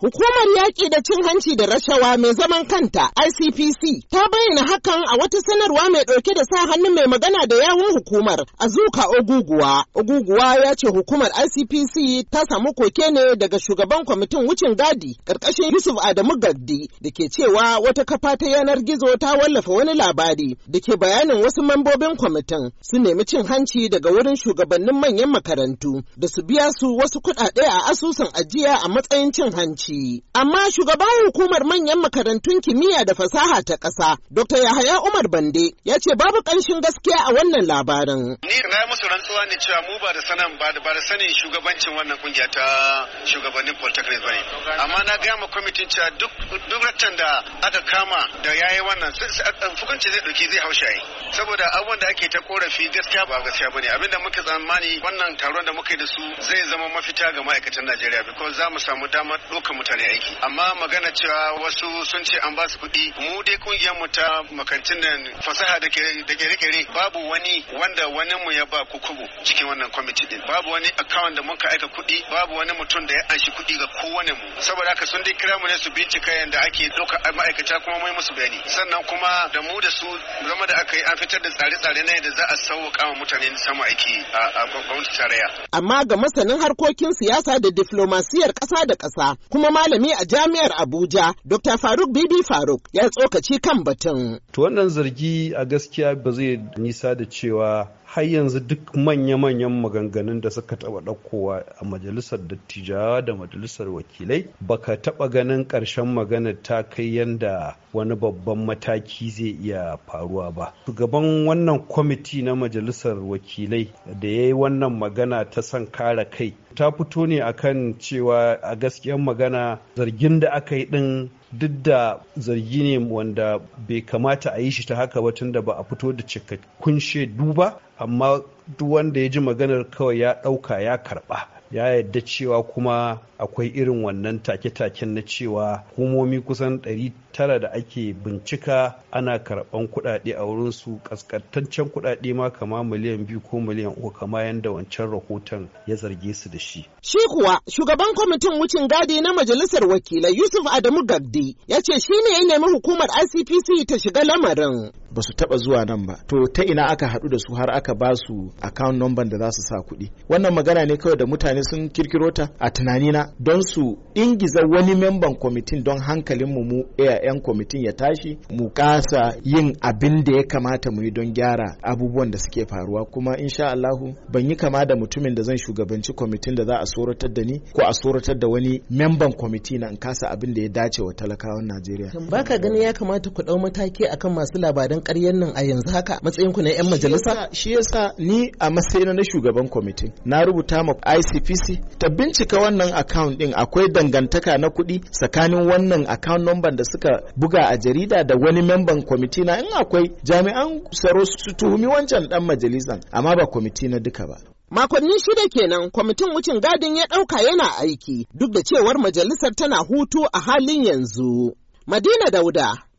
Hukumar yaƙi da cin hanci da rashawa mai zaman kanta ICPC ta bayyana hakan a wata sanarwa mai ɗauke da sa hannun mai magana da yawun hukumar Azuka Oguguwa. Oguguwa ya ce hukumar ICPC ta samu koke ne daga shugaban kwamitin wucin gadi ƙarƙashin Yusuf Adamu Gaddi da ke cewa wata kafa ta yanar gizo ta wallafa wani labari da ke bayanin wasu mambobin kwamitin su nemi cin hanci daga wurin shugabannin manyan makarantu da su biya su wasu kuɗaɗe a asusun ajiya a matsayin cin hanci. Amma shugaban hukumar manyan makarantun kimiyya da fasaha ta ƙasa, Dr. Yahaya Umar Bande, ya ce babu ƙanshin gaskiya a wannan labarin. Ni na musu rantsuwa ne cewa mu ba da sanin ba da sanin shugabancin wannan kungiya ta shugabannin polytechnic ne. Amma na gaya ma kwamitin cewa duk duk rattan da aka kama da yi wannan eh, hukunci zai ɗauki zai shayi. Saboda abubuwan da ake ta korafi gaskiya ba gaskiya bane. Abinda muke tsammani wannan taron da muka yi da su zai zama mafita ga ma'aikatan Najeriya bikon za mu samu damar ɗaukar mutane aiki amma magana cewa wasu sun ce an ba su kuɗi mu dai kungiyar mu ta makantin nan fasaha da kere-kere babu wani wanda wani mu ya ba kukubu cikin wannan kwamiti din babu wani account da muka aika kuɗi babu wani mutum da ya anshi kuɗi ga kowane mu saboda haka sun dai kira mu ne su bincika yanda ake doka ma'aikata kuma mai musu bayani sannan kuma da mu da su zama da aka yi an fitar da tsare-tsare na yadda za a sauƙa wa mutane samu aiki a gwamnati tarayya. Amma ga masanin harkokin siyasa da diflomasiyar kasa da kasa, kuma malami a jami'ar Abuja Dr. Faruk Bibi Faruk ya tsokaci kan batun. To wannan zargi a gaskiya ba zai nisa da cewa har yanzu duk manya-manyan maganganun da suka taɓa ɗaukowa a majalisar dattijawa da majalisar wakilai baka taba ganin ƙarshen magana ta kai yanda wani babban mataki zai iya faruwa ba shugaban wannan kwamiti na majalisar wakilai da ya yi wannan magana ta son kare kai ta fito ne akan cewa a gaskiyar magana zargin da aka yi din duk da zargi ne wanda bai kamata a yi shi ta haka ba tunda ba a fito da cikakkun shaidu ba amma duk wanda ya ji maganar kawai ya ɗauka ya karɓa ya yadda cewa kuma akwai irin wannan take-taken na cewa hukumomi kusan 900 da ake bincika ana karɓan kuɗaɗe a wurinsu ƙasƙantaccen kuɗaɗe ma kama miliyan biyu ko miliyan uku kama yadda wancan rahoton ya zarge su da shi. Shi kuwa shugaban kwamitin wucin gadi na majalisar wakilai Yusuf Adamu Gabdi ya ce shi ne ya nemi hukumar ICPC ta shiga lamarin ba su taba zuwa nan ba to ta ina aka haɗu da su har aka ba su account number da za su sa kuɗi wannan magana ne kawai da mutane sun kirkiro ta a tunani na don su ingiza wani memban kwamitin don hankalin mu yan kwamitin ya tashi mu kasa yin abin da ya kamata mu yi don gyara abubuwan da suke faruwa kuma insha Allah ban yi kama da mutumin da zan shugabanci kwamitin da za a soratar da ni ko a soratar da wani memban kwamiti na in kasa abin da ya dace wa talakawan Najeriya baka gani ya kamata ku dau mataki akan masu labaran Ƙaryar nan a yanzu haka matsayin ku na yan majalisa shi yasa ni a matsayin na shugaban kwamitin na rubuta ma ICPC ta bincika wannan account din akwai dangantaka na kuɗi tsakanin wannan account number da suka buga a jarida da wani memban kwamiti na in akwai jami'an tsaro su tuhumi wancan dan majalisan amma ba kwamiti na duka ba Makonni shida kenan kwamitin wucin gadin ya ɗauka yana aiki duk da cewar majalisar tana hutu a halin yanzu. Madina Dauda,